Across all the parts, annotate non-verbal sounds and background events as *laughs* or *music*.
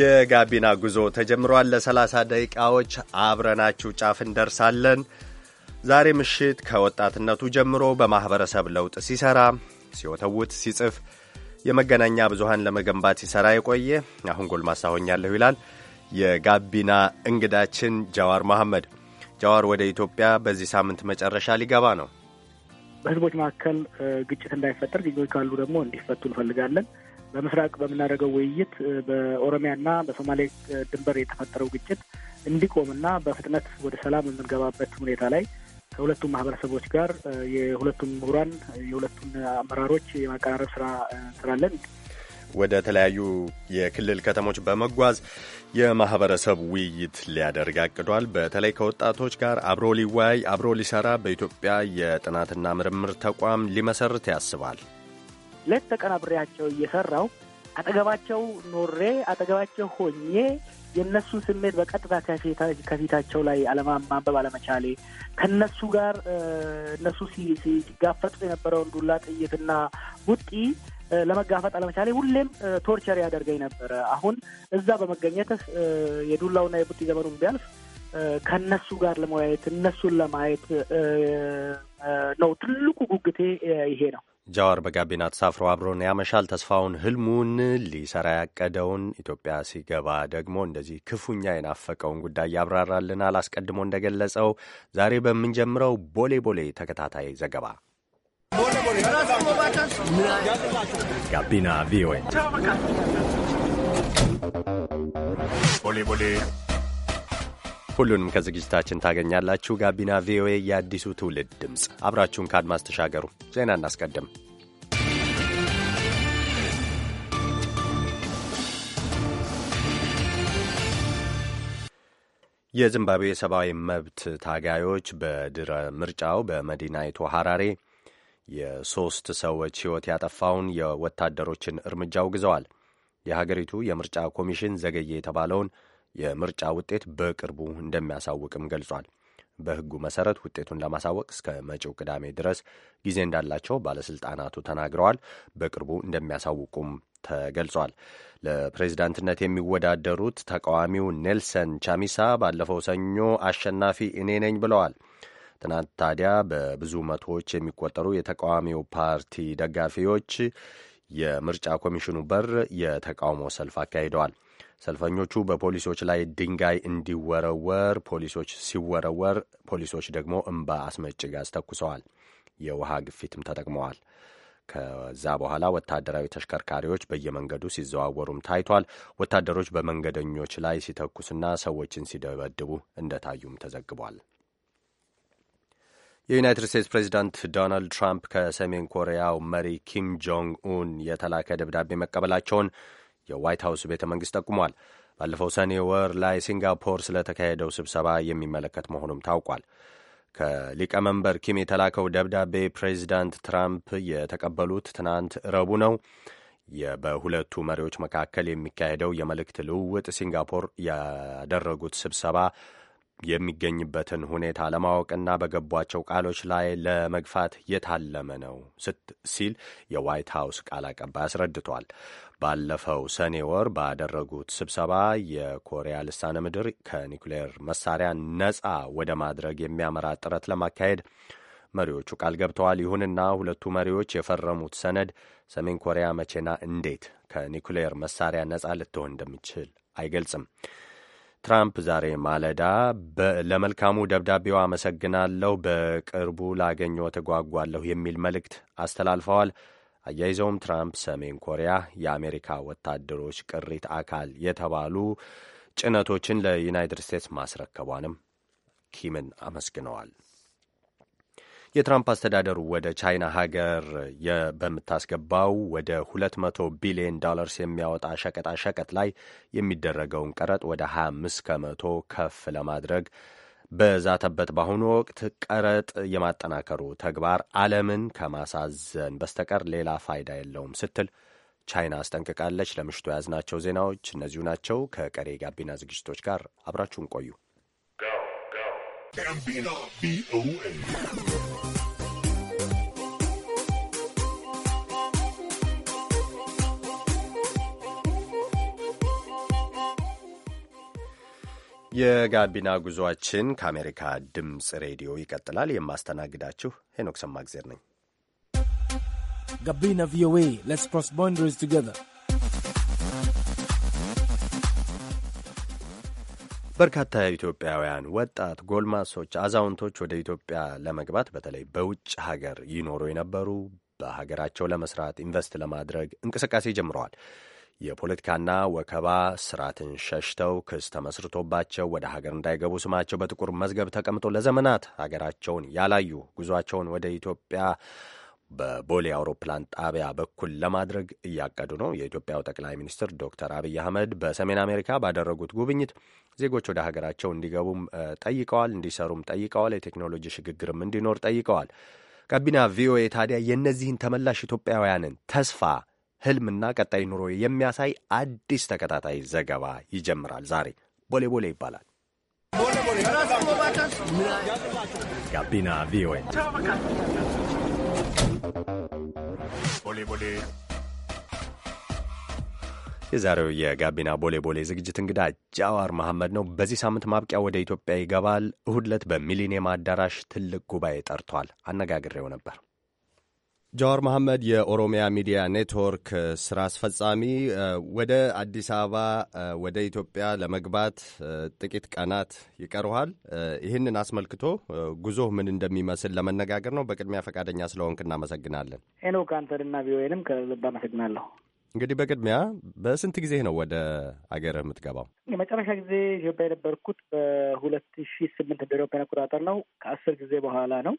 የጋቢና ጉዞ ተጀምሯል። ለ30 ደቂቃዎች አብረናችሁ ጫፍ እንደርሳለን። ዛሬ ምሽት ከወጣትነቱ ጀምሮ በማኅበረሰብ ለውጥ ሲሠራ፣ ሲወተውት፣ ሲጽፍ የመገናኛ ብዙሃን ለመገንባት ሲሠራ የቆየ አሁን ጎልማሳ ሆኛለሁ ይላል የጋቢና እንግዳችን ጃዋር መሐመድ። ጃዋር ወደ ኢትዮጵያ በዚህ ሳምንት መጨረሻ ሊገባ ነው። በህዝቦች መካከል ግጭት እንዳይፈጠር፣ ግጭቶች ካሉ ደግሞ እንዲፈቱ እንፈልጋለን። በምስራቅ በምናደርገው ውይይት በኦሮሚያና በሶማሌ ድንበር የተፈጠረው ግጭት እንዲቆምና በፍጥነት ወደ ሰላም የምንገባበት ሁኔታ ላይ ከሁለቱም ማህበረሰቦች ጋር የሁለቱም ምሁራን የሁለቱም አመራሮች የማቀራረብ ስራ እንስራለን። ወደ ተለያዩ የክልል ከተሞች በመጓዝ የማህበረሰብ ውይይት ሊያደርግ አቅዷል። በተለይ ከወጣቶች ጋር አብሮ ሊወያይ አብሮ ሊሰራ በኢትዮጵያ የጥናትና ምርምር ተቋም ሊመሰርት ያስባል። ሌት ተቀን አብሬያቸው እየሰራው አጠገባቸው ኖሬ አጠገባቸው ሆኜ የእነሱን ስሜት በቀጥታ ከፊታቸው ላይ ማንበብ አለመቻሌ ከእነሱ ጋር እነሱ ሲጋፈጡ የነበረውን ዱላ ጥይትና ውጢ ለመጋፈጥ አለመቻሌ ሁሌም ቶርቸር ያደርገኝ ነበረ። አሁን እዛ በመገኘት የዱላውና የቡጢ ዘመኑን ቢያልፍ ከእነሱ ጋር ለመወያየት እነሱን ለማየት ነው ትልቁ ጉግቴ ይሄ ነው። ጃዋር በጋቢና ተሳፍሮ አብሮን ያመሻል። ተስፋውን፣ ህልሙን፣ ሊሰራ ያቀደውን ኢትዮጵያ ሲገባ ደግሞ እንደዚህ ክፉኛ የናፈቀውን ጉዳይ ያብራራልናል። አስቀድሞ እንደገለጸው ዛሬ በምንጀምረው ቦሌ ቦሌ ተከታታይ ዘገባ ጋቢና ቪኦኤ ቦሌ ቦሌ ሁሉንም ከዝግጅታችን ታገኛላችሁ። ጋቢና ቪኦኤ የአዲሱ ትውልድ ድምፅ፣ አብራችሁን ከአድማስ ተሻገሩ። ዜና እናስቀድም። የዚምባብዌ ሰብአዊ መብት ታጋዮች በድረ ምርጫው በመዲናይቱ ሐራሬ የሦስት ሰዎች ሕይወት ያጠፋውን የወታደሮችን እርምጃ አውግዘዋል። የሀገሪቱ የምርጫ ኮሚሽን ዘገየ የተባለውን የምርጫ ውጤት በቅርቡ እንደሚያሳውቅም ገልጿል። በሕጉ መሰረት ውጤቱን ለማሳወቅ እስከ መጪው ቅዳሜ ድረስ ጊዜ እንዳላቸው ባለስልጣናቱ ተናግረዋል። በቅርቡ እንደሚያሳውቁም ተገልጿል። ለፕሬዝዳንትነት የሚወዳደሩት ተቃዋሚው ኔልሰን ቻሚሳ ባለፈው ሰኞ አሸናፊ እኔ ነኝ ብለዋል። ትናንት ታዲያ በብዙ መቶዎች የሚቆጠሩ የተቃዋሚው ፓርቲ ደጋፊዎች የምርጫ ኮሚሽኑ በር የተቃውሞ ሰልፍ አካሂደዋል። ሰልፈኞቹ በፖሊሶች ላይ ድንጋይ እንዲወረወር ፖሊሶች ሲወረወር፣ ፖሊሶች ደግሞ እምባ አስመጭ ጋዝ ተኩሰዋል። የውሃ ግፊትም ተጠቅመዋል። ከዛ በኋላ ወታደራዊ ተሽከርካሪዎች በየመንገዱ ሲዘዋወሩም ታይቷል። ወታደሮች በመንገደኞች ላይ ሲተኩስና ሰዎችን ሲደበድቡ እንደታዩም ተዘግቧል። የዩናይትድ ስቴትስ ፕሬዚዳንት ዶናልድ ትራምፕ ከሰሜን ኮሪያው መሪ ኪም ጆንግ ኡን የተላከ ደብዳቤ መቀበላቸውን የዋይት ሀውስ ቤተ መንግሥት ጠቁሟል። ባለፈው ሰኔ ወር ላይ ሲንጋፖር ስለተካሄደው ስብሰባ የሚመለከት መሆኑም ታውቋል። ከሊቀመንበር ኪም የተላከው ደብዳቤ ፕሬዚዳንት ትራምፕ የተቀበሉት ትናንት ረቡ ነው። በሁለቱ መሪዎች መካከል የሚካሄደው የመልእክት ልውውጥ ሲንጋፖር ያደረጉት ስብሰባ የሚገኝበትን ሁኔታ ለማወቅና በገቧቸው ቃሎች ላይ ለመግፋት የታለመ ነው ሲል የዋይት ሀውስ ቃል አቀባይ አስረድቷል። ባለፈው ሰኔ ወር ባደረጉት ስብሰባ የኮሪያ ልሳነ ምድር ከኒውክሌር መሳሪያ ነፃ ወደ ማድረግ የሚያመራ ጥረት ለማካሄድ መሪዎቹ ቃል ገብተዋል። ይሁንና ሁለቱ መሪዎች የፈረሙት ሰነድ ሰሜን ኮሪያ መቼና እንዴት ከኒውክሌር መሳሪያ ነፃ ልትሆን እንደሚችል አይገልጽም። ትራምፕ ዛሬ ማለዳ ለመልካሙ ደብዳቤው አመሰግናለሁ፣ በቅርቡ ላገኘው ተጓጓለሁ የሚል መልእክት አስተላልፈዋል። አያይዘውም ትራምፕ ሰሜን ኮሪያ የአሜሪካ ወታደሮች ቅሪት አካል የተባሉ ጭነቶችን ለዩናይትድ ስቴትስ ማስረከቧንም ኪምን አመስግነዋል። የትራምፕ አስተዳደሩ ወደ ቻይና ሀገር በምታስገባው ወደ 200 ቢሊዮን ዶላርስ የሚያወጣ ሸቀጣ ሸቀጥ ላይ የሚደረገውን ቀረጥ ወደ 25 ከመቶ ከፍ ለማድረግ በዛተበት በአሁኑ ወቅት ቀረጥ የማጠናከሩ ተግባር ዓለምን ከማሳዘን በስተቀር ሌላ ፋይዳ የለውም ስትል ቻይና አስጠንቅቃለች። ለምሽቱ የያዝናቸው ዜናዎች እነዚሁ ናቸው። ከቀሬ ጋቢና ዝግጅቶች ጋር አብራችሁን ቆዩ። የጋቢና ጉዟችን ከአሜሪካ ድምፅ ሬዲዮ ይቀጥላል። የማስተናግዳችሁ ሄኖክ ሰማግዜር ነኝ። ጋቢና ቪኦኤ ሌትስ ክሮስ ቦንደሪስ ቱጌዘር። በርካታ ኢትዮጵያውያን ወጣት ጎልማሶች፣ አዛውንቶች ወደ ኢትዮጵያ ለመግባት በተለይ በውጭ ሀገር ይኖሩ የነበሩ በሀገራቸው ለመስራት ኢንቨስት ለማድረግ እንቅስቃሴ ጀምረዋል። የፖለቲካና ወከባ ስርዓትን ሸሽተው ክስ ተመስርቶባቸው ወደ ሀገር እንዳይገቡ ስማቸው በጥቁር መዝገብ ተቀምጦ ለዘመናት ሀገራቸውን ያላዩ ጉዟቸውን ወደ ኢትዮጵያ በቦሌ አውሮፕላን ጣቢያ በኩል ለማድረግ እያቀዱ ነው። የኢትዮጵያው ጠቅላይ ሚኒስትር ዶክተር አብይ አህመድ በሰሜን አሜሪካ ባደረጉት ጉብኝት ዜጎች ወደ ሀገራቸው እንዲገቡም ጠይቀዋል፣ እንዲሰሩም ጠይቀዋል፣ የቴክኖሎጂ ሽግግርም እንዲኖር ጠይቀዋል። ጋቢና ቪኦኤ ታዲያ የእነዚህን ተመላሽ ኢትዮጵያውያንን ተስፋ ህልምና ቀጣይ ኑሮ የሚያሳይ አዲስ ተከታታይ ዘገባ ይጀምራል። ዛሬ ቦሌ ቦሌ ይባላል። ጋቢና ቪኦኤ የዛሬው የጋቢና ቦሌ ቦሌ ዝግጅት እንግዳ ጃዋር መሐመድ ነው። በዚህ ሳምንት ማብቂያ ወደ ኢትዮጵያ ይገባል። እሁድ ዕለት በሚሊኒየም አዳራሽ ትልቅ ጉባኤ ጠርቷል። አነጋግሬው ነበር። ጃዋር መሐመድ የኦሮሚያ ሚዲያ ኔትወርክ ስራ አስፈጻሚ፣ ወደ አዲስ አበባ ወደ ኢትዮጵያ ለመግባት ጥቂት ቀናት ይቀሩሃል። ይህንን አስመልክቶ ጉዞህ ምን እንደሚመስል ለመነጋገር ነው። በቅድሚያ ፈቃደኛ ስለሆንክ እናመሰግናለን። ሄኖክ ከአንተንና ቪኦኤንም ከልብ አመሰግናለሁ። እንግዲህ በቅድሚያ በስንት ጊዜ ነው ወደ አገርህ የምትገባው? የመጨረሻ ጊዜ ኢትዮጵያ የነበርኩት በሁለት ሺ ስምንት እንደ አውሮፓውያን አቆጣጠር ነው። ከአስር ጊዜ በኋላ ነው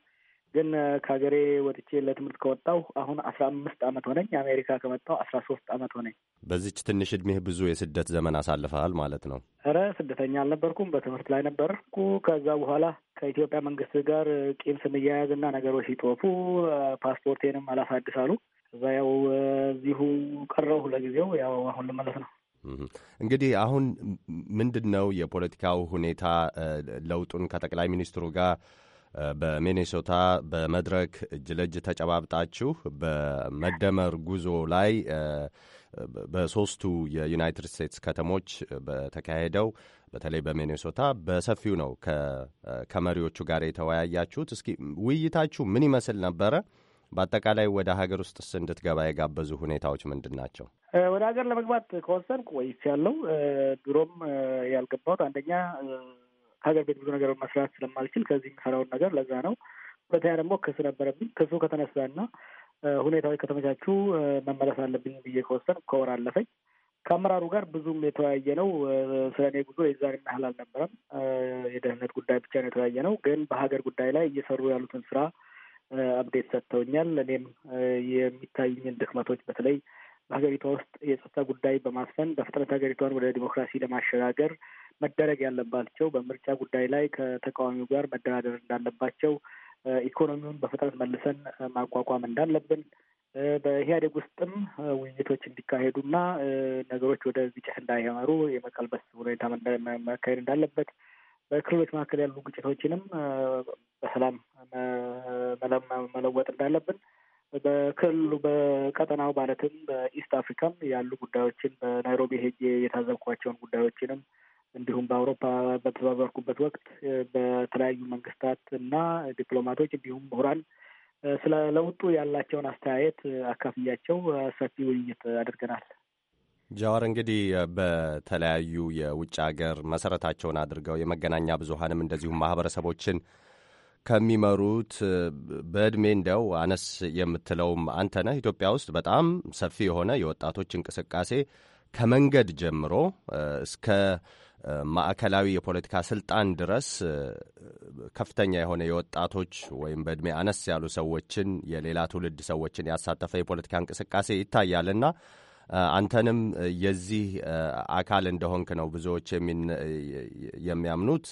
ግን ከሀገሬ ወጥቼ ለትምህርት ከወጣሁ አሁን አስራ አምስት ዓመት ሆነኝ። አሜሪካ ከመጣሁ አስራ ሶስት ዓመት ሆነኝ። በዚች ትንሽ እድሜህ ብዙ የስደት ዘመን አሳልፈሃል ማለት ነው። እረ ስደተኛ አልነበርኩም፣ በትምህርት ላይ ነበርኩ። ከዛ በኋላ ከኢትዮጵያ መንግስት ጋር ቂም ስንያያዝ እና ነገሮች ሲጦፉ ፓስፖርቴንም አላሳድስ አሉ። እዛ ያው እዚሁ ቀረሁ ለጊዜው። ያው አሁን ልመለስ ነው። እንግዲህ አሁን ምንድን ነው የፖለቲካው ሁኔታ ለውጡን ከጠቅላይ ሚኒስትሩ ጋር በሚኔሶታ በመድረክ እጅ ለእጅ ተጨባብጣችሁ በመደመር ጉዞ ላይ በሶስቱ የዩናይትድ ስቴትስ ከተሞች በተካሄደው በተለይ በሚኔሶታ በሰፊው ነው ከመሪዎቹ ጋር የተወያያችሁት። እስኪ ውይይታችሁ ምን ይመስል ነበረ? በአጠቃላይ ወደ ሀገር ውስጥስ እንድትገባ የጋበዙ ሁኔታዎች ምንድን ናቸው? ወደ ሀገር ለመግባት ከወሰንኩ ያለው ድሮም ያልገባሁት አንደኛ ሀገር ቤት ብዙ ነገር መስራት ስለማልችል ከዚህ የሚሰራውን ነገር ለዛ ነው። ሁለተኛ ደግሞ ክስ ነበረብኝ። ክሱ ከተነሳና ሁኔታዎች ከተመቻቹ መመለስ አለብኝ ብዬ ከወሰን ከወር አለፈኝ። ከአመራሩ ጋር ብዙም የተወያየ ነው። ስለ እኔ ጉዞ የዛን ያህል አልነበረም። የደህንነት ጉዳይ ብቻ ነው የተወያየ ነው። ግን በሀገር ጉዳይ ላይ እየሰሩ ያሉትን ስራ አብዴት ሰጥተውኛል። እኔም የሚታዩኝን ድክመቶች በተለይ በሀገሪቷ ውስጥ የጸጥታ ጉዳይ በማስፈን በፍጥነት ሀገሪቷን ወደ ዲሞክራሲ ለማሸጋገር መደረግ ያለባቸው በምርጫ ጉዳይ ላይ ከተቃዋሚው ጋር መደራደር እንዳለባቸው፣ ኢኮኖሚውን በፍጥነት መልሰን ማቋቋም እንዳለብን በኢህአዴግ ውስጥም ውይይቶች እንዲካሄዱና ነገሮች ወደ ግጭት እንዳያመሩ የመቀልበስ ሁኔታ መካሄድ እንዳለበት በክልሎች መካከል ያሉ ግጭቶችንም በሰላም መለወጥ እንዳለብን በክልሉ በቀጠናው ማለትም በኢስት አፍሪካም ያሉ ጉዳዮችን በናይሮቢ ሄጄ የታዘብኳቸውን ጉዳዮችንም እንዲሁም በአውሮፓ በተዘዋወርኩበት ወቅት በተለያዩ መንግስታት እና ዲፕሎማቶች እንዲሁም ምሁራን ስለ ለውጡ ያላቸውን አስተያየት አካፍያቸው ሰፊ ውይይት አድርገናል። ጃዋር እንግዲህ በተለያዩ የውጭ ሀገር መሰረታቸውን አድርገው የመገናኛ ብዙሀንም እንደዚሁም ማህበረሰቦችን ከሚመሩት በእድሜ እንደው አነስ የምትለውም አንተ ነህ። ኢትዮጵያ ውስጥ በጣም ሰፊ የሆነ የወጣቶች እንቅስቃሴ ከመንገድ ጀምሮ እስከ ማዕከላዊ የፖለቲካ ስልጣን ድረስ ከፍተኛ የሆነ የወጣቶች ወይም በእድሜ አነስ ያሉ ሰዎችን የሌላ ትውልድ ሰዎችን ያሳተፈ የፖለቲካ እንቅስቃሴ ይታያልና አንተንም የዚህ አካል እንደሆንክ ነው ብዙዎች የሚያምኑት።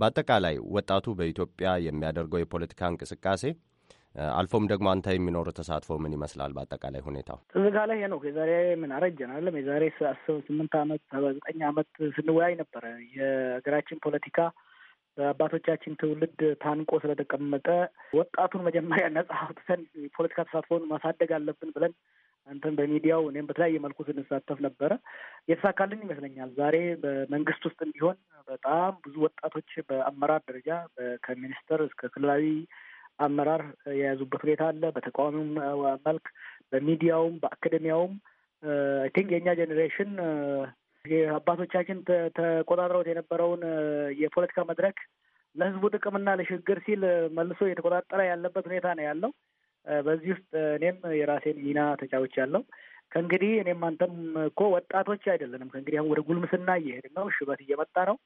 በአጠቃላይ ወጣቱ በኢትዮጵያ የሚያደርገው የፖለቲካ እንቅስቃሴ አልፎም ደግሞ አንተ የሚኖሩ ተሳትፎ ምን ይመስላል? በአጠቃላይ ሁኔታው እዚህ ጋር ላይ ይሄ ነው። የዛሬ ምን አረጀን አለም የዛሬ አስር ስምንት አመት ዘጠኝ አመት ስንወያይ ነበረ የሀገራችን ፖለቲካ በአባቶቻችን ትውልድ ታንቆ ስለተቀመጠ ወጣቱን መጀመሪያ ነጻ አውጥተን የፖለቲካ ተሳትፎን ማሳደግ አለብን ብለን አንተን በሚዲያው እኔም በተለያየ መልኩ ስንሳተፍ ነበረ። የተሳካልን ይመስለኛል። ዛሬ በመንግስት ውስጥ እንዲሆን በጣም ብዙ ወጣቶች በአመራር ደረጃ ከሚኒስተር እስከ ክልላዊ አመራር የያዙበት ሁኔታ አለ። በተቃዋሚውም መልክ፣ በሚዲያውም፣ በአካደሚያውም አይ ቲንክ የእኛ ጄኔሬሽን አባቶቻችን ተቆጣጥረውት የነበረውን የፖለቲካ መድረክ ለህዝቡ ጥቅምና ለሽግግር ሲል መልሶ እየተቆጣጠረ ያለበት ሁኔታ ነው ያለው። በዚህ ውስጥ እኔም የራሴን ሚና ተጫዎች ያለው ከእንግዲህ እኔም አንተም እኮ ወጣቶች አይደለንም። ከእንግዲህ አሁን ወደ ጉልምስና እየሄድን ነው። ሽበት እየመጣ ነው።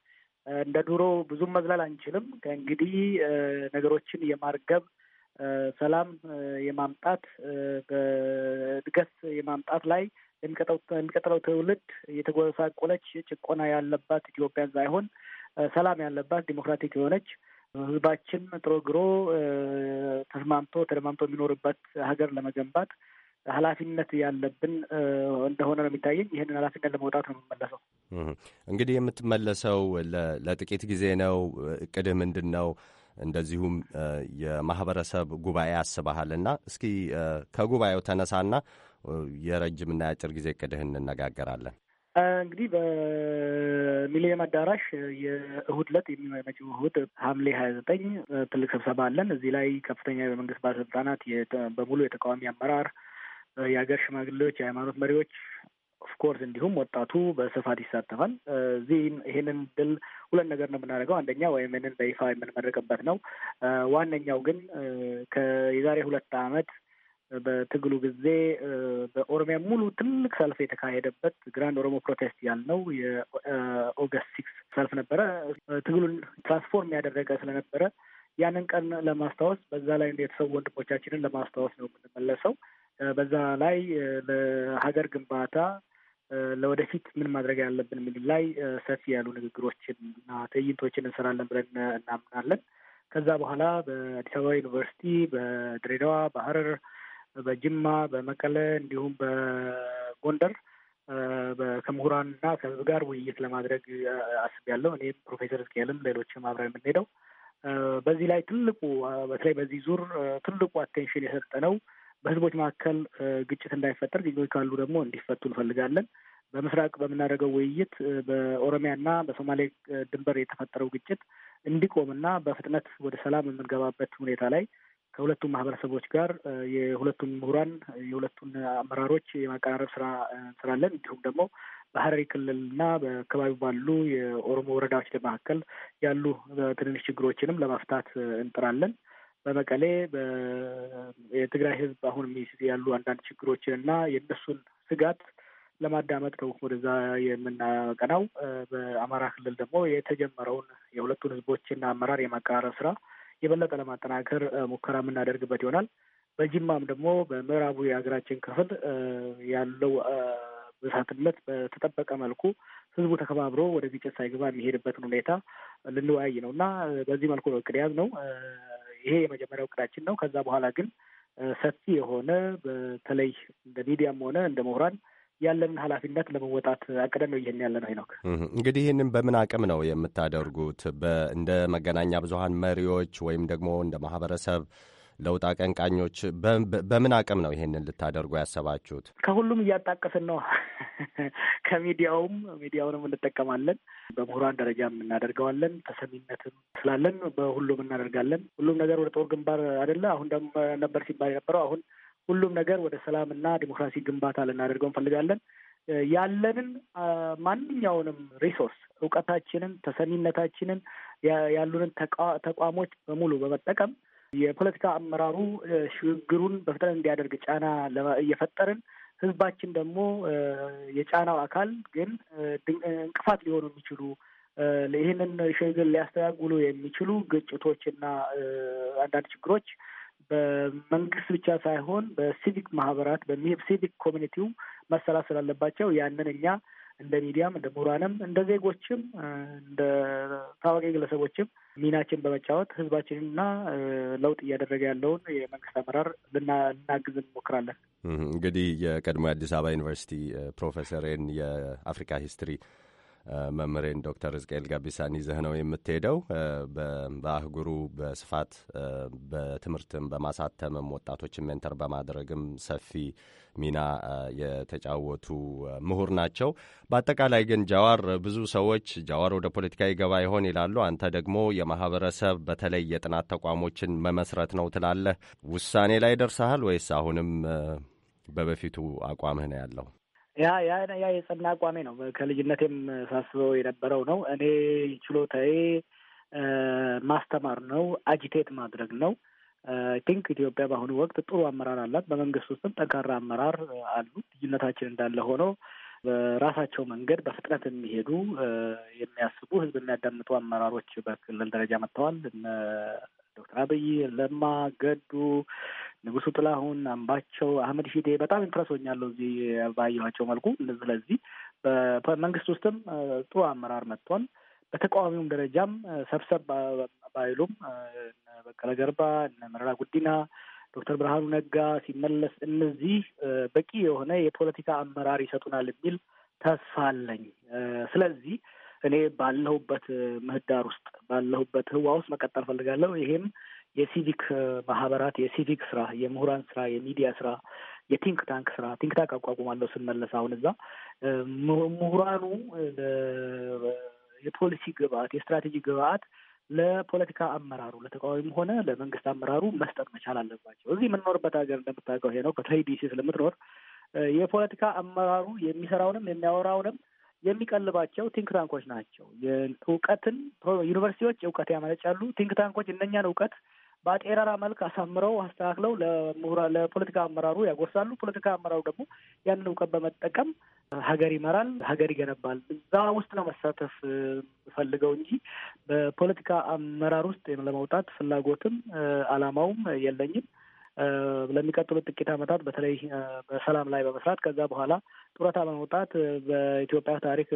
እንደ ድሮ ብዙም መዝለል አንችልም። ከእንግዲህ ነገሮችን የማርገብ ሰላም የማምጣት በእድገት የማምጣት ላይ የሚቀጥለው ትውልድ የተጎሳቆለች ጭቆና ያለባት ኢትዮጵያን ሳይሆን ሰላም ያለባት ዲሞክራቲክ የሆነች ህዝባችን ጥሮ ግሮ ተስማምቶ ተደማምቶ የሚኖርበት ሀገር ለመገንባት ኃላፊነት ያለብን እንደሆነ ነው የሚታየኝ። ይህንን ኃላፊነት ለመውጣት ነው የምመለሰው። እንግዲህ የምትመለሰው ለጥቂት ጊዜ ነው። እቅድህ ምንድን ነው? እንደዚሁም የማህበረሰብ ጉባኤ አስበሃልና እስኪ ከጉባኤው ተነሳና የረጅምና የአጭር ጊዜ እቅድህ እንነጋገራለን። እንግዲህ በሚሊኒየም አዳራሽ የእሁድ ዕለት የሚመጪው እሁድ ሐምሌ ሀያ ዘጠኝ ትልቅ ስብሰባ አለን። እዚህ ላይ ከፍተኛ የመንግስት ባለስልጣናት በሙሉ የተቃዋሚ አመራር የሀገር ሽማግሌዎች፣ የሃይማኖት መሪዎች ኦፍኮርስ እንዲሁም ወጣቱ በስፋት ይሳተፋል። እዚህ ይሄንን ድል ሁለት ነገር ነው የምናደርገው። አንደኛ ወይም ይህንን በይፋ የምንመረቅበት ነው። ዋነኛው ግን የዛሬ ሁለት ዓመት በትግሉ ጊዜ በኦሮሚያ ሙሉ ትልቅ ሰልፍ የተካሄደበት ግራንድ ኦሮሞ ፕሮቴስት ያልነው የኦገስት ሲክስ ሰልፍ ነበረ። ትግሉን ትራንስፎርም ያደረገ ስለነበረ ያንን ቀን ለማስታወስ በዛ ላይ የተሰው ወንድሞቻችንን ለማስታወስ ነው የምንመለሰው። በዛ ላይ ለሀገር ግንባታ ለወደፊት ምን ማድረግ ያለብን የሚል ላይ ሰፊ ያሉ ንግግሮችን እና ትዕይንቶችን እንሰራለን ብለን እናምናለን። ከዛ በኋላ በአዲስ አበባ ዩኒቨርሲቲ፣ በድሬዳዋ፣ በሐረር፣ በጅማ፣ በመቀለ እንዲሁም በጎንደር ከምሁራንና ከህዝብ ጋር ውይይት ለማድረግ አስቤያለሁ። እኔም ፕሮፌሰር ሕዝቅኤልም ሌሎችም አብረን የምንሄደው በዚህ ላይ ትልቁ በተለይ በዚህ ዙር ትልቁ አቴንሽን የሰጠነው በህዝቦች መካከል ግጭት እንዳይፈጠር፣ ግጭቶች ካሉ ደግሞ እንዲፈቱ እንፈልጋለን። በምስራቅ በምናደርገው ውይይት በኦሮሚያና በሶማሌ ድንበር የተፈጠረው ግጭት እንዲቆምና በፍጥነት ወደ ሰላም የምንገባበት ሁኔታ ላይ ከሁለቱም ማህበረሰቦች ጋር የሁለቱም ምሁራን የሁለቱን አመራሮች የማቀራረብ ስራ እንስራለን። እንዲሁም ደግሞ በሀረሪ ክልልና በአካባቢው ባሉ የኦሮሞ ወረዳዎች መካከል ያሉ ትንንሽ ችግሮችንም ለማፍታት እንጥራለን። በመቀሌ የትግራይ ህዝብ አሁን ያሉ አንዳንድ ችግሮችን እና የእነሱን ስጋት ለማዳመጥ ነው ወደዛ የምናቀናው። በአማራ ክልል ደግሞ የተጀመረውን የሁለቱን ህዝቦችና አመራር የማቀራረብ ስራ የበለጠ ለማጠናከር ሙከራ የምናደርግበት ይሆናል። በጅማም ደግሞ በምዕራቡ የሀገራችን ክፍል ያለው ብሳትነት በተጠበቀ መልኩ ህዝቡ ተከባብሮ ወደ ግጭት ሳይገባ የሚሄድበትን ሁኔታ ልንወያይ ነው እና በዚህ መልኩ ነው እቅድ ያዝ ነው። ይሄ የመጀመሪያው እቅዳችን ነው። ከዛ በኋላ ግን ሰፊ የሆነ በተለይ እንደ ሚዲያም ሆነ እንደ ምሁራን ያለንን ኃላፊነት ለመወጣት አቅደን ነው ይህን ያለ ነው። ሄኖክ እንግዲህ ይህንን በምን አቅም ነው የምታደርጉት? እንደ መገናኛ ብዙሀን መሪዎች ወይም ደግሞ እንደ ማህበረሰብ ለውጥ አቀንቃኞች በምን አቅም ነው ይሄንን ልታደርጉ ያሰባችሁት? ከሁሉም እያጣቀስን ነው። *laughs* ከሚዲያውም ሚዲያውንም እንጠቀማለን፣ በምሁራን ደረጃም እናደርገዋለን። ተሰሚነትም ስላለን በሁሉም እናደርጋለን። ሁሉም ነገር ወደ ጦር ግንባር አይደለ አሁን ደግሞ ነበር ሲባል የነበረው አሁን ሁሉም ነገር ወደ ሰላምና ዲሞክራሲ ግንባታ ልናደርገው እንፈልጋለን። ያለንን ማንኛውንም ሪሶርስ እውቀታችንን፣ ተሰሚነታችንን ያሉንን ተቋሞች በሙሉ በመጠቀም የፖለቲካ አመራሩ ሽግግሩን በፍጥነት እንዲያደርግ ጫና እየፈጠርን ህዝባችን ደግሞ የጫናው አካል ግን እንቅፋት ሊሆኑ የሚችሉ ይህንን ሽግግር ሊያስተጋግሉ የሚችሉ ግጭቶችና አንዳንድ ችግሮች በመንግስት ብቻ ሳይሆን በሲቪክ ማህበራት ሲቪክ ኮሚኒቲው መሰራት ስላለባቸው ያንን እኛ እንደ ሚዲያም እንደ ምሁራንም እንደ ዜጎችም እንደ ታዋቂ ግለሰቦችም ሚናችን በመጫወት ህዝባችንና ለውጥ እያደረገ ያለውን የመንግስት አመራር ልናግዝ እንሞክራለን። እንግዲህ የቀድሞ የአዲስ አበባ ዩኒቨርሲቲ ፕሮፌሰርን የአፍሪካ ሂስትሪ መምህሬን ዶክተር እዝቅኤል ጋቢሳን ይዘህ ነው የምትሄደው። በአህጉሩ በስፋት በትምህርትም በማሳተምም ወጣቶችን ሜንተር በማድረግም ሰፊ ሚና የተጫወቱ ምሁር ናቸው። በአጠቃላይ ግን ጃዋር ብዙ ሰዎች ጃዋር ወደ ፖለቲካ ይገባ ይሆን ይላሉ። አንተ ደግሞ የማህበረሰብ በተለይ የጥናት ተቋሞችን መመስረት ነው ትላለህ። ውሳኔ ላይ ደርሰሃል ወይስ አሁንም በበፊቱ አቋምህ ነው ያለው? ያ ያ ያ የጸና አቋሜ ነው። ከልጅነቴም ሳስበው የነበረው ነው። እኔ ችሎታዬ ማስተማር ነው፣ አጂቴት ማድረግ ነው አይ ቲንክ ኢትዮጵያ በአሁኑ ወቅት ጥሩ አመራር አላት። በመንግስት ውስጥም ጠንካራ አመራር አሉ። ልዩነታችን እንዳለ ሆኖ በራሳቸው መንገድ በፍጥነት የሚሄዱ የሚያስቡ ህዝብ የሚያዳምጡ አመራሮች በክልል ደረጃ መጥተዋል። እነ ዶክተር አብይ፣ ለማ ገዱ፣ ንጉሱ ጥላሁን፣ አምባቸው፣ አህመድ ሺዴ በጣም ኢምፕረስ እዚህ ባየኋቸው መልኩ። ስለዚህ በመንግስት ውስጥም ጥሩ አመራር መጥቷል። በተቃዋሚውም ደረጃም ሰብሰብ ባይሉም እነ በቀለ ገርባ፣ እነ መረራ ጉዲና፣ ዶክተር ብርሃኑ ነጋ ሲመለስ እነዚህ በቂ የሆነ የፖለቲካ አመራር ይሰጡናል የሚል ተስፋ አለኝ። ስለዚህ እኔ ባለሁበት ምህዳር ውስጥ ባለሁበት ህዋ ውስጥ መቀጠል ፈልጋለሁ። ይሄም የሲቪክ ማህበራት የሲቪክ ስራ፣ የምሁራን ስራ፣ የሚዲያ ስራ፣ የቲንክ ታንክ ስራ ቲንክ ታንክ አቋቁማለሁ ስንመለስ አሁን እዛ ምሁራኑ የፖሊሲ ግብአት የስትራቴጂ ግብአት ለፖለቲካ አመራሩ ለተቃዋሚም ሆነ ለመንግስት አመራሩ መስጠት መቻል አለባቸው። እዚህ የምንኖርበት ሀገር እንደምታውቀው ይሄ ነው። ከታይ ዲሲ ስለምትኖር የፖለቲካ አመራሩ የሚሰራውንም የሚያወራውንም የሚቀልባቸው ቲንክ ታንኮች ናቸው። እውቀትን ዩኒቨርሲቲዎች እውቀት ያመነጫሉ። ቲንክ ታንኮች እነኛን እውቀት በአጤራራ መልክ አሳምረው አስተካክለው ለምሁራ ለፖለቲካ አመራሩ ያጎርሳሉ። ፖለቲካ አመራሩ ደግሞ ያንን እውቀት በመጠቀም ሀገር ይመራል፣ ሀገር ይገነባል። እዛ ውስጥ ነው መሳተፍ ፈልገው እንጂ በፖለቲካ አመራር ውስጥ ለመውጣት ፍላጎትም አላማውም የለኝም። ለሚቀጥሉት ጥቂት ዓመታት በተለይ በሰላም ላይ በመስራት ከዛ በኋላ ጡረታ በመውጣት በኢትዮጵያ ታሪክ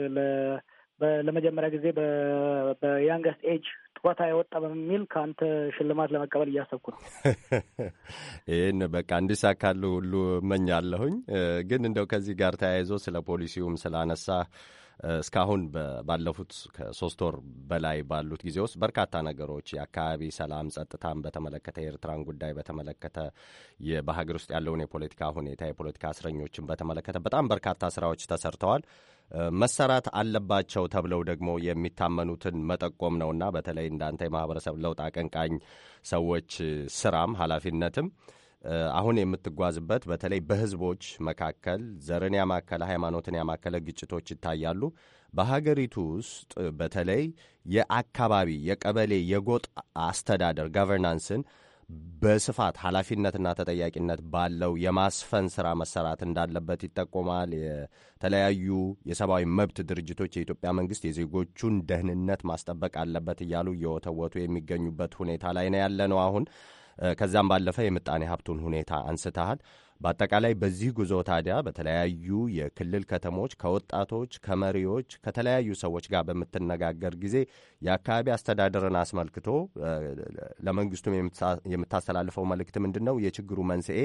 ለመጀመሪያ ጊዜ በያንገስት ኤጅ ጡረታ የወጣ በሚል ከአንተ ሽልማት ለመቀበል እያሰብኩ ነው። *laughs* ይህን በቃ እንዲሳካሉ ሁሉ እመኛለሁኝ። ግን እንደው ከዚህ ጋር ተያይዞ ስለ ፖሊሲውም ስላነሳ እስካሁን ባለፉት ከሶስት ወር በላይ ባሉት ጊዜ ውስጥ በርካታ ነገሮች የአካባቢ ሰላም ጸጥታን በተመለከተ የኤርትራን ጉዳይ በተመለከተ በሀገር ውስጥ ያለውን የፖለቲካ ሁኔታ የፖለቲካ እስረኞችን በተመለከተ በጣም በርካታ ስራዎች ተሰርተዋል። መሰራት አለባቸው ተብለው ደግሞ የሚታመኑትን መጠቆም ነውና በተለይ እንዳንተ የማህበረሰብ ለውጥ አቀንቃኝ ሰዎች ስራም ኃላፊነትም አሁን የምትጓዝበት በተለይ በህዝቦች መካከል ዘርን ያማከለ ሃይማኖትን ያማከለ ግጭቶች ይታያሉ። በሀገሪቱ ውስጥ በተለይ የአካባቢ የቀበሌ የጎጥ አስተዳደር ጋቨርናንስን በስፋት ኃላፊነትና ተጠያቂነት ባለው የማስፈን ስራ መሰራት እንዳለበት ይጠቆማል። የተለያዩ የሰብአዊ መብት ድርጅቶች የኢትዮጵያ መንግስት የዜጎቹን ደህንነት ማስጠበቅ አለበት እያሉ እየወተወቱ የሚገኙበት ሁኔታ ላይ ነው ያለ ነው አሁን። ከዛም ባለፈ የምጣኔ ሀብቱን ሁኔታ አንስተሃል። በአጠቃላይ በዚህ ጉዞ ታዲያ በተለያዩ የክልል ከተሞች ከወጣቶች፣ ከመሪዎች፣ ከተለያዩ ሰዎች ጋር በምትነጋገር ጊዜ የአካባቢ አስተዳደርን አስመልክቶ ለመንግስቱም የምታስተላልፈው መልእክት ምንድን ነው? የችግሩ መንስኤ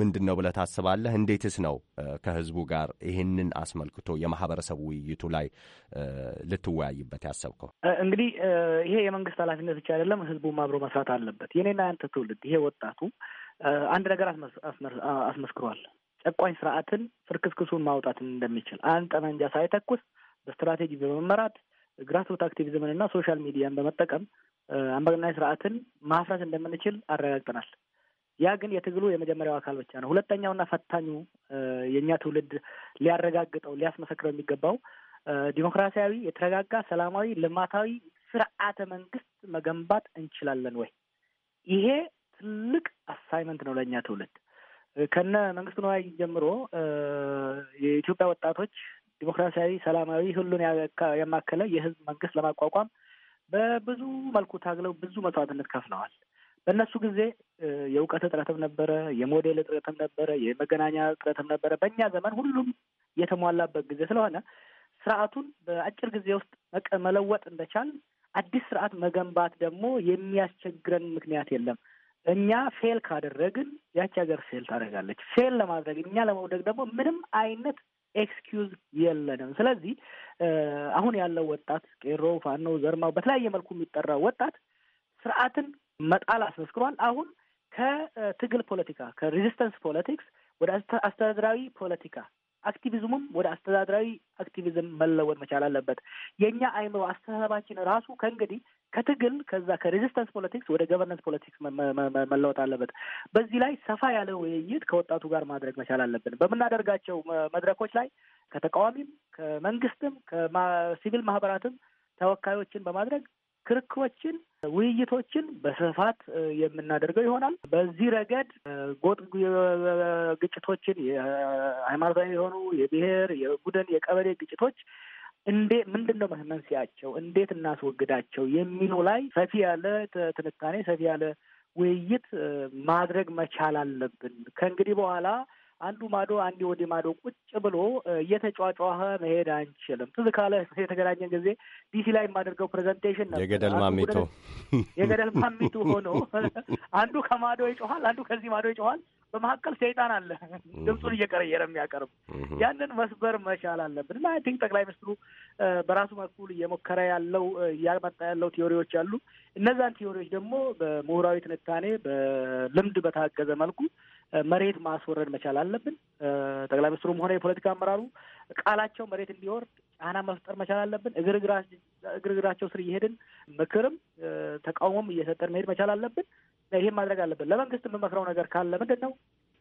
ምንድን ነው ብለህ ታስባለህ? እንዴትስ ነው ከህዝቡ ጋር ይህንን አስመልክቶ የማህበረሰቡ ውይይቱ ላይ ልትወያይበት ያሰብከው? እንግዲህ ይሄ የመንግስት ኃላፊነት ብቻ አይደለም፣ ህዝቡም አብሮ መስራት አለበት። የኔና ያንተ ትውልድ ይሄ ወጣቱ አንድ ነገር አስመስክሯል። ጨቋኝ ስርዓትን ፍርክስክሱን ማውጣት እንደሚችል አንድ ጠመንጃ ሳይተኩስ በስትራቴጂ በመመራት አክቲቪዝምን እና ሶሻል ሚዲያን በመጠቀም አምባገነናዊ ስርዓትን ማፍረስ እንደምንችል አረጋግጠናል። ያ ግን የትግሉ የመጀመሪያው አካል ብቻ ነው። ሁለተኛውና ፈታኙ የእኛ ትውልድ ሊያረጋግጠው ሊያስመሰክረው የሚገባው ዲሞክራሲያዊ፣ የተረጋጋ፣ ሰላማዊ፣ ልማታዊ ስርዓተ መንግስት መገንባት እንችላለን ወይ? ይሄ ትልቅ አሳይመንት ነው ለእኛ ትውልድ። ከነ መንግስቱ ነዋይ ጀምሮ የኢትዮጵያ ወጣቶች ዲሞክራሲያዊ፣ ሰላማዊ፣ ሁሉን ያማከለ የህዝብ መንግስት ለማቋቋም በብዙ መልኩ ታግለው ብዙ መስዋዕትነት ከፍለዋል። በእነሱ ጊዜ የእውቀት እጥረትም ነበረ፣ የሞዴል እጥረትም ነበረ፣ የመገናኛ እጥረትም ነበረ። በእኛ ዘመን ሁሉም የተሟላበት ጊዜ ስለሆነ ስርዓቱን በአጭር ጊዜ ውስጥ መለወጥ እንደቻል አዲስ ስርዓት መገንባት ደግሞ የሚያስቸግረን ምክንያት የለም። እኛ ፌል ካደረግን ያቺ ሀገር ፌል ታደርጋለች። ፌል ለማድረግ እኛ ለመውደቅ ደግሞ ምንም አይነት ኤክስኪዩዝ የለንም። ስለዚህ አሁን ያለው ወጣት ቄሮ፣ ፋኖ፣ ዘርማው በተለያየ መልኩ የሚጠራው ወጣት ስርዓትን መጣል አስመስክሯል። አሁን ከትግል ፖለቲካ ከሬዚስተንስ ፖለቲክስ ወደ አስተዳደራዊ ፖለቲካ አክቲቪዝሙም ወደ አስተዳደራዊ አክቲቪዝም መለወጥ መቻል አለበት። የእኛ አይምሮ አስተሳሰባችን ራሱ ከእንግዲህ ከትግል ከዛ ከሬዚስተንስ ፖለቲክስ ወደ ገቨርነንስ ፖለቲክስ መለወጥ አለበት። በዚህ ላይ ሰፋ ያለ ውይይት ከወጣቱ ጋር ማድረግ መቻል አለብን። በምናደርጋቸው መድረኮች ላይ ከተቃዋሚም፣ ከመንግስትም፣ ከሲቪል ማህበራትም ተወካዮችን በማድረግ ክርክሮችን፣ ውይይቶችን በስፋት የምናደርገው ይሆናል። በዚህ ረገድ ጎጥ ግጭቶችን፣ የሃይማኖታዊ የሆኑ የብሔር፣ የቡድን፣ የቀበሌ ግጭቶች እንዴ ምንድን ነው መንስኤያቸው፣ እንዴት እናስወግዳቸው የሚለው ላይ ሰፊ ያለ ትንታኔ ሰፊ ያለ ውይይት ማድረግ መቻል አለብን። ከእንግዲህ በኋላ አንዱ ማዶ አንዱ ወደ ማዶ ቁጭ ብሎ እየተጫጫኸ መሄድ አንችልም። ትዝ ካለ የተገናኘን ጊዜ ዲሲ ላይ የማደርገው ፕሬዘንቴሽን ነበር። የገደል ማሚቱ የገደል ማሚቱ ሆኖ *laughs* አንዱ ከማዶ ይጮኋል፣ አንዱ ከዚህ ማዶ ይጮኋል፣ በመካከል ሰይጣን አለ ድምፁን እየቀረየረ የሚያቀርብ ያንን መስበር መቻል አለብን እና አይ ቲንክ ጠቅላይ ሚኒስትሩ በራሱ በኩል እየሞከረ ያለው እያመጣ ያለው ቲዎሪዎች አሉ። እነዛን ቲዎሪዎች ደግሞ በምሁራዊ ትንታኔ በልምድ በታገዘ መልኩ መሬት ማስወረድ መቻል አለብን። ጠቅላይ ሚኒስትሩም ሆነ የፖለቲካ አመራሩ ቃላቸው መሬት እንዲወርድ ጫና መፍጠር መቻል አለብን። እግር እግራቸው ስር እየሄድን ምክርም ተቃውሞም እየሰጠን መሄድ መቻል አለብን። ይሄን ማድረግ አለብን። ለመንግስት የምመክረው ነገር ካለ ምንድን ነው?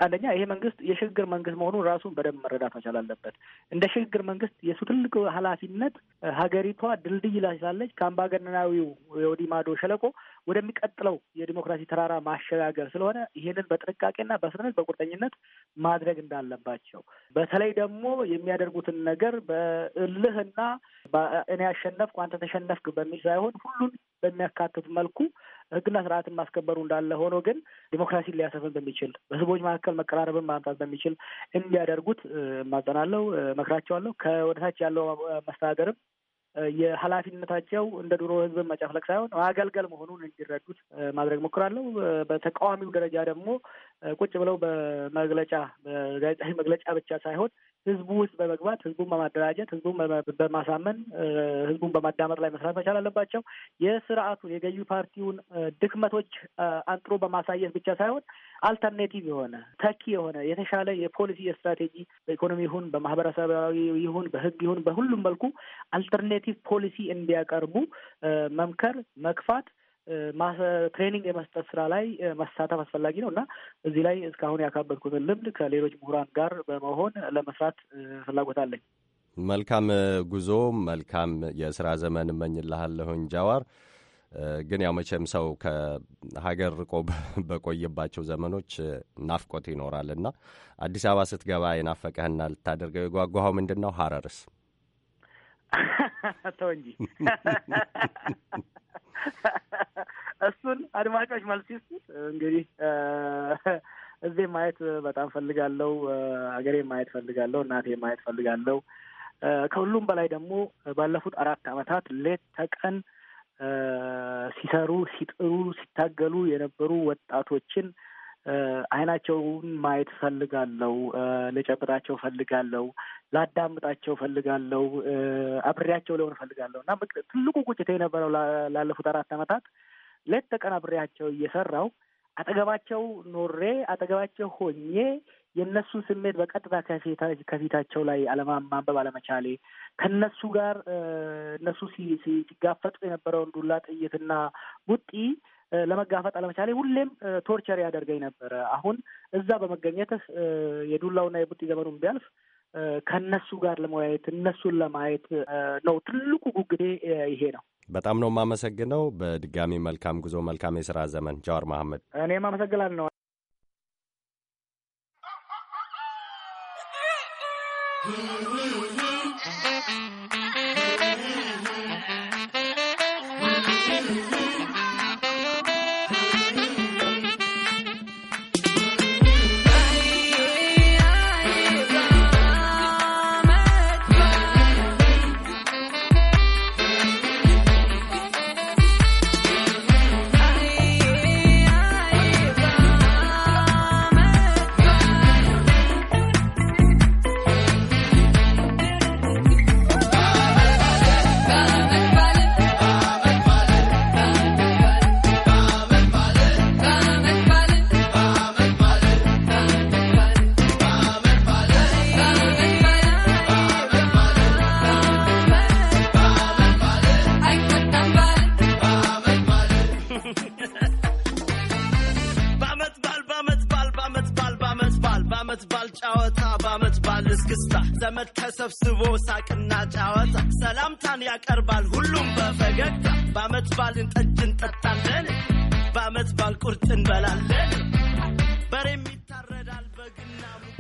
አንደኛ ይሄ መንግስት የሽግግር መንግስት መሆኑን ራሱን በደንብ መረዳት መቻል አለበት። እንደ ሽግግር መንግስት የሱ ትልቅ ኃላፊነት ሀገሪቷ ድልድይ ላይ ስላለች ከአምባገነናዊው የወዲህ ማዶ ሸለቆ ወደሚቀጥለው የዲሞክራሲ ተራራ ማሸጋገር ስለሆነ ይሄንን በጥንቃቄና በስርነት በቁርጠኝነት ማድረግ እንዳለባቸው በተለይ ደግሞ የሚያደርጉትን ነገር በእልህና እኔ ያሸነፍኩ አንተ ተሸነፍክ በሚል ሳይሆን ሁሉን በሚያካትት መልኩ ህግና ስርዓትን ማስከበሩ እንዳለ ሆኖ ግን ዲሞክራሲን ሊያሰፍን በሚችል በህዝቦች መካከል መቀራረብን ማምጣት በሚችል እንዲያደርጉት እማጸናለሁ፣ እመክራቸዋለሁ። ከወደታች ያለው መስተዳደርም የኃላፊነታቸው እንደ ድሮ ህዝብን መጨፍለቅ ሳይሆን ማገልገል መሆኑን እንዲረዱት ማድረግ ሞክራለሁ። በተቃዋሚው ደረጃ ደግሞ ቁጭ ብለው በመግለጫ በጋዜጣዊ መግለጫ ብቻ ሳይሆን ህዝቡ ውስጥ በመግባት ህዝቡን በማደራጀት ህዝቡን በማሳመን ህዝቡን በማዳመጥ ላይ መስራት መቻል አለባቸው። የስርዓቱን የገዢ ፓርቲውን ድክመቶች አንጥሮ በማሳየት ብቻ ሳይሆን አልተርኔቲቭ የሆነ ተኪ የሆነ የተሻለ የፖሊሲ የስትራቴጂ በኢኮኖሚ ይሁን በማህበረሰባዊ ይሁን በህግ ይሁን በሁሉም መልኩ አልተርኔቲቭ ፖሊሲ እንዲያቀርቡ መምከር መክፋት ትሬኒንግ የመስጠት ስራ ላይ መሳተፍ አስፈላጊ ነው እና እዚህ ላይ እስካሁን ያካበድኩትን ልምድ ከሌሎች ምሁራን ጋር በመሆን ለመስራት ፍላጎት አለኝ። መልካም ጉዞ፣ መልካም የስራ ዘመን እመኝልሃለሁኝ ጃዋር። ግን ያው መቼም ሰው ከሀገር ርቆ *laughs* በቆየባቸው ዘመኖች ናፍቆት ይኖራልና አዲስ አበባ ስትገባ የናፈቀህና ልታደርገው የጓጓኸው ምንድን ነው? ሀረርስ? ተው እንጂ *laughs* *laughs* እሱን አድማጮች መልስ ይስጡት። እንግዲህ እዚህ ማየት በጣም ፈልጋለው፣ ሀገሬ ማየት ፈልጋለው፣ እናቴ ማየት ፈልጋለው። ከሁሉም በላይ ደግሞ ባለፉት አራት ዓመታት ሌት ተቀን ሲሰሩ ሲጥሩ ሲታገሉ የነበሩ ወጣቶችን አይናቸውን ማየት ፈልጋለው፣ ልጨብጣቸው ፈልጋለው፣ ላዳምጣቸው ፈልጋለው፣ አብሬያቸው ሊሆን ፈልጋለሁ እና ትልቁ ቁጭት የነበረው ላለፉት አራት ዓመታት ሌት ተቀን አብሬያቸው እየሰራው አጠገባቸው ኖሬ አጠገባቸው ሆኜ የእነሱን ስሜት በቀጥታ ከፊታቸው ላይ አለማንበብ አለመቻሌ ከእነሱ ጋር እነሱ ሲጋፈጡ የነበረውን ዱላ ጥይትና ቡጢ ለመጋፈጥ አለመቻሌ ሁሌም ቶርቸር ያደርገኝ ነበረ። አሁን እዛ በመገኘትህ የዱላውና የቡጢ ዘመኑን ቢያልፍ ከነሱ ጋር ለመወያየት እነሱን ለማየት ነው ትልቁ ጉግዴ ይሄ ነው። በጣም ነው የማመሰግነው። በድጋሚ መልካም ጉዞ፣ መልካም የስራ ዘመን ጃዋር መሐመድ። እኔም አመሰግናለሁ። ነው *laughs*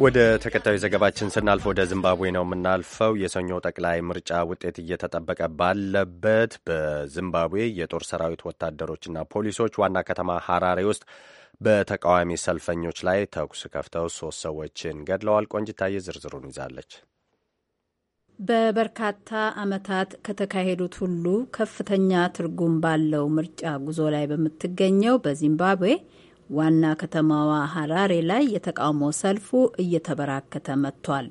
ወደ ተከታዩ ዘገባችን ስናልፍ ወደ ዚምባብዌ ነው የምናልፈው። የሰኞ ጠቅላይ ምርጫ ውጤት እየተጠበቀ ባለበት በዚምባብዌ የጦር ሰራዊት ወታደሮችና ፖሊሶች ዋና ከተማ ሐራሬ ውስጥ በተቃዋሚ ሰልፈኞች ላይ ተኩስ ከፍተው ሶስት ሰዎችን ገድለዋል። ቆንጅታዬ ዝርዝሩን ይዛለች። በበርካታ ዓመታት ከተካሄዱት ሁሉ ከፍተኛ ትርጉም ባለው ምርጫ ጉዞ ላይ በምትገኘው በዚምባብዌ ዋና ከተማዋ ሀራሬ ላይ የተቃውሞ ሰልፉ እየተበራከተ መጥቷል።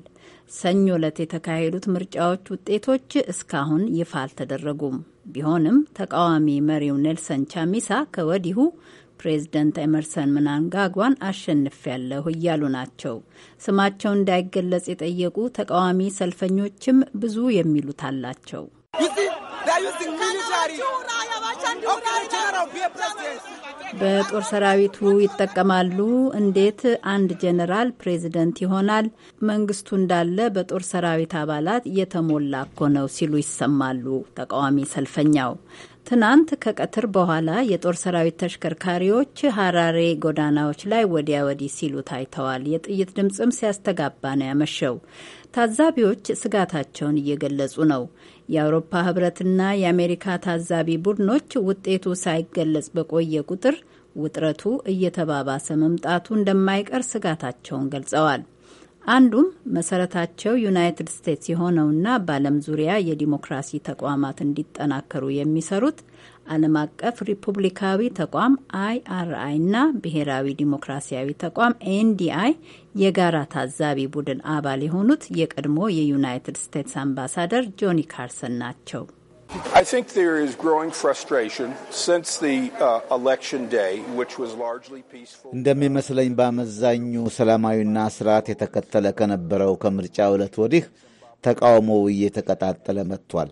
ሰኞ ዕለት የተካሄዱት ምርጫዎች ውጤቶች እስካሁን ይፋ አልተደረጉም። ቢሆንም ተቃዋሚ መሪው ኔልሰን ቻሚሳ ከወዲሁ ፕሬዝደንት ኤመርሰን ምናንጋጓን አሸንፊያለሁ እያሉ ናቸው። ስማቸው እንዳይገለጽ የጠየቁ ተቃዋሚ ሰልፈኞችም ብዙ የሚሉት አላቸው። በጦር ሰራዊቱ ይጠቀማሉ። እንዴት አንድ ጀነራል ፕሬዚደንት ይሆናል? መንግስቱ እንዳለ በጦር ሰራዊት አባላት እየተሞላ እኮ ነው ሲሉ ይሰማሉ። ተቃዋሚ ሰልፈኛው ትናንት ከቀትር በኋላ የጦር ሰራዊት ተሽከርካሪዎች ሀራሬ ጎዳናዎች ላይ ወዲያ ወዲህ ሲሉ ታይተዋል። የጥይት ድምፅም ሲያስተጋባ ነው ያመሸው። ታዛቢዎች ስጋታቸውን እየገለጹ ነው። የአውሮፓ ህብረትና የአሜሪካ ታዛቢ ቡድኖች ውጤቱ ሳይገለጽ በቆየ ቁጥር ውጥረቱ እየተባባሰ መምጣቱ እንደማይቀር ስጋታቸውን ገልጸዋል። አንዱም መሰረታቸው ዩናይትድ ስቴትስ የሆነውና በዓለም ዙሪያ የዲሞክራሲ ተቋማት እንዲጠናከሩ የሚሰሩት ዓለም አቀፍ ሪፑብሊካዊ ተቋም አይአርአይ እና ብሔራዊ ዲሞክራሲያዊ ተቋም ኤንዲአይ የጋራ ታዛቢ ቡድን አባል የሆኑት የቀድሞ የዩናይትድ ስቴትስ አምባሳደር ጆኒ ካርሰን ናቸው። እንደሚመስለኝ በአመዛኙ ሰላማዊና ስርዓት የተከተለ ከነበረው ከምርጫ ዕለት ወዲህ ተቃውሞው እየተቀጣጠለ መጥቷል።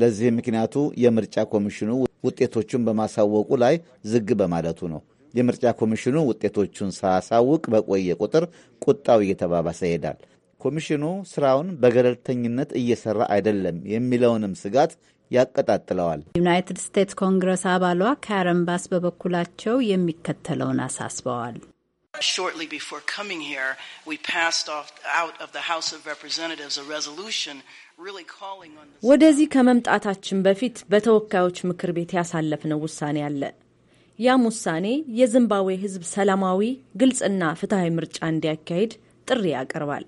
ለዚህ ምክንያቱ የምርጫ ኮሚሽኑ ውጤቶቹን በማሳወቁ ላይ ዝግ በማለቱ ነው። የምርጫ ኮሚሽኑ ውጤቶቹን ሳያሳውቅ በቆየ ቁጥር ቁጣው እየተባባሰ ይሄዳል። ኮሚሽኑ ስራውን በገለልተኝነት እየሰራ አይደለም የሚለውንም ስጋት ያቀጣጥለዋል። ዩናይትድ ስቴትስ ኮንግረስ አባሏ ካረን ባስ በበኩላቸው የሚከተለውን አሳስበዋል። ወደዚህ ከመምጣታችን በፊት በተወካዮች ምክር ቤት ያሳለፍነው ውሳኔ አለ። ያም ውሳኔ የዚምባብዌ ሕዝብ ሰላማዊ፣ ግልጽና ፍትሐዊ ምርጫ እንዲያካሄድ ጥሪ ያቀርባል።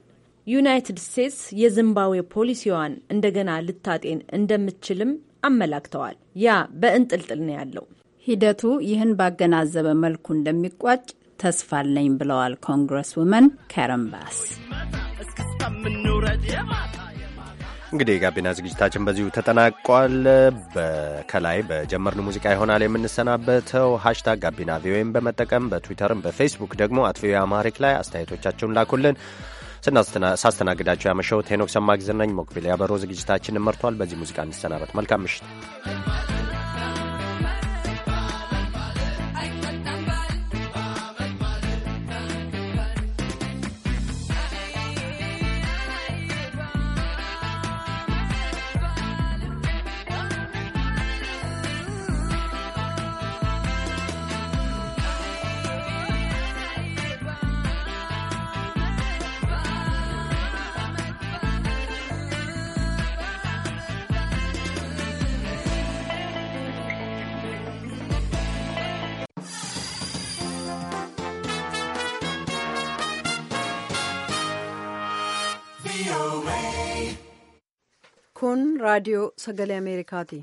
ዩናይትድ ስቴትስ የዚምባብዌ ፖሊሲዋን እንደገና ልታጤን እንደምትችልም አመላክተዋል። ያ በእንጥልጥል ነው ያለው። ሂደቱ ይህን ባገናዘበ መልኩ እንደሚቋጭ ተስፋ አለኝ ብለዋል ኮንግረስ ውመን ካረን እንግዲህ የጋቢና ዝግጅታችን በዚሁ ተጠናቋል። ከላይ በጀመርን ሙዚቃ ይሆናል የምንሰናበተው። ሀሽታግ ጋቢና ቪኦኤም በመጠቀም በትዊተርም በፌስቡክ ደግሞ አት ቪኦኤ አማሪክ ላይ አስተያየቶቻቸውን ላኩልን። ሳስተናግዳቸው ያመሸው ቴኖክ ሰማግዝናኝ ሞክቢል ያበሮ ዝግጅታችንን መርቷል። በዚህ ሙዚቃ እንሰናበት። መልካም ምሽት። سگل آمریکا تھی۔